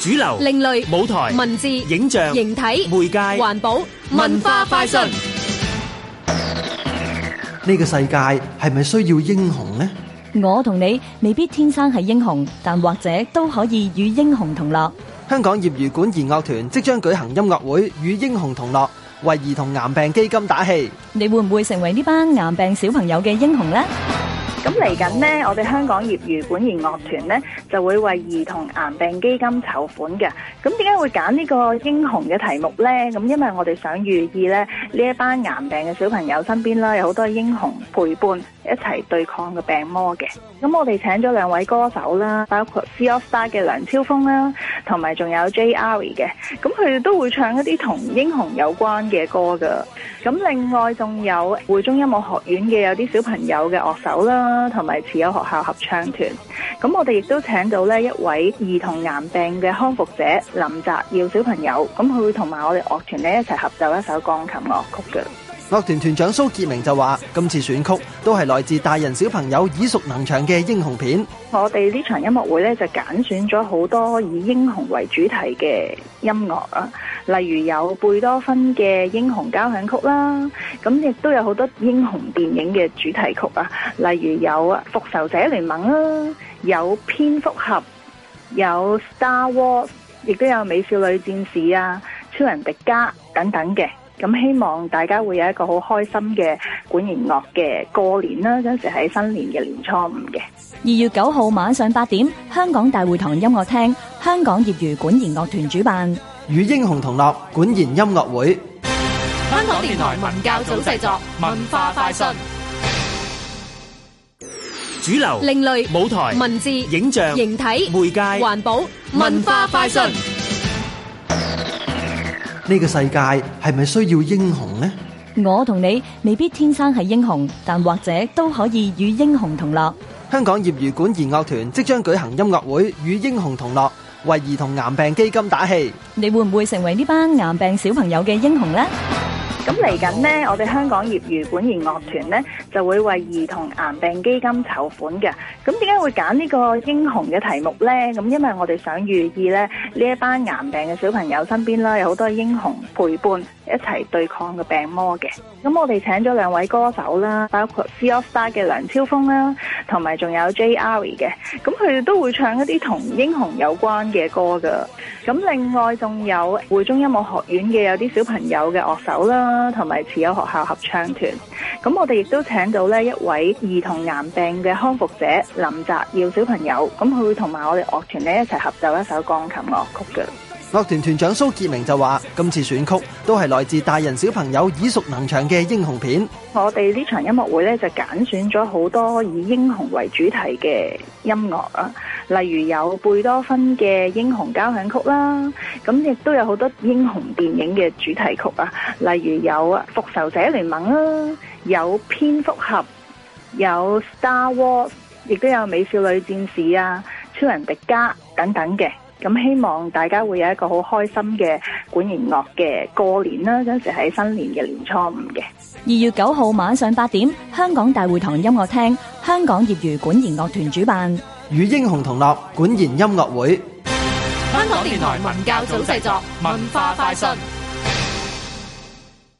主流、另類舞台、文字、影像、形體、媒介、環保、文化快訊。呢個世界係咪需要英雄呢？我同你未必天生係英雄，但或者都可以與英雄同樂。香港業餘管弦樂團即將舉行音樂會，與英雄同樂，為兒童癌病基金打氣。你會唔會成為呢班癌病小朋友嘅英雄呢？咁嚟緊呢，我哋香港業餘管弦樂團呢，就會為兒童癌病基金籌款嘅。咁點解會揀呢個英雄嘅題目呢？咁因為我哋想寓意呢呢一班癌病嘅小朋友身邊啦，有好多英雄陪伴一齊對抗嘅病魔嘅。咁我哋請咗兩位歌手啦，包括 C AllStar 嘅梁釗峰啦，同埋仲有 J R 嘅。咁佢哋都會唱一啲同英雄有關嘅歌噶。咁另外仲有匯中音樂學院嘅有啲小朋友嘅樂手啦，同埋持有學校合唱團。咁我哋亦都請到呢一位兒童癌病嘅康復者林澤耀小朋友，咁佢會同埋我哋樂團呢一齊合奏一首鋼琴樂曲嘅。樂團團長蘇杰明就話，今次選曲都係來自大人小朋友耳熟能詳嘅英雄片。我哋呢場音樂會咧就揀選咗好多以英雄為主題嘅音樂啊，例如有貝多芬嘅《英雄交響曲》啦，咁亦都有好多英雄電影嘅主題曲啊，例如有《復仇者聯盟》啦，有蝙蝠俠，有 Star Wars，亦都有《美少女戰士》啊，《超人迪迦》等等嘅。咁希望大家會有一個好開心嘅管弦樂嘅過年啦，嗰陣時係新年嘅年初五嘅二月九號晚上八點，香港大會堂音樂廳，香港業餘管弦樂團主辦，與英雄同樂管弦音樂會。香港電台文教組製作，文化快訊，主流、另類、舞台、文字、影像、形體、媒介、環保、文化快訊。呢個世界係咪需要英雄呢？我同你未必天生係英雄，但或者都可以與英雄同樂。香港業餘管弦樂團即將舉行音樂會，與英雄同樂，為兒童癌病基金打氣。你會唔會成為呢班癌病小朋友嘅英雄呢？咁嚟緊呢，我哋香港業餘管弦樂團呢，就會為兒童癌病基金籌款嘅。咁點解會揀呢個英雄嘅題目呢？咁因為我哋想寓意呢，呢一班癌病嘅小朋友身邊啦，有好多英雄陪伴一齊對抗嘅病魔嘅。咁我哋請咗兩位歌手啦，包括 C AllStar 嘅梁釗峰啦。同埋仲有 Jarry 嘅，咁佢哋都會唱一啲同英雄有關嘅歌㗎。咁另外仲有會中音樂學院嘅有啲小朋友嘅樂手啦，同埋持有學校合唱團。咁我哋亦都請到呢一位兒童癌病嘅康復者林澤耀小朋友，咁佢會同埋我哋樂團呢一齊合奏一首鋼琴樂曲嘅。樂團團長蘇傑明就話，今次選曲都係來自大人小朋友耳熟能詳嘅英雄片。我哋呢場音樂會咧就揀選咗好多以英雄為主題嘅音樂啊，例如有貝多芬嘅《英雄交響曲》啦，咁亦都有好多英雄電影嘅主題曲啊，例如有《復仇者聯盟》啦，有蝙蝠俠，有 Star Wars，亦都有《美少女戰士》啊，《超人迪迦》等等嘅。咁希望大家會有一個好開心嘅管弦樂嘅過年啦！嗰陣時係新年嘅年初五嘅二月九號晚上八點，香港大會堂音樂廳，香港業餘管弦樂團主辦《與英雄同樂》管弦音樂會。香港電台文教組製作，文化快訊。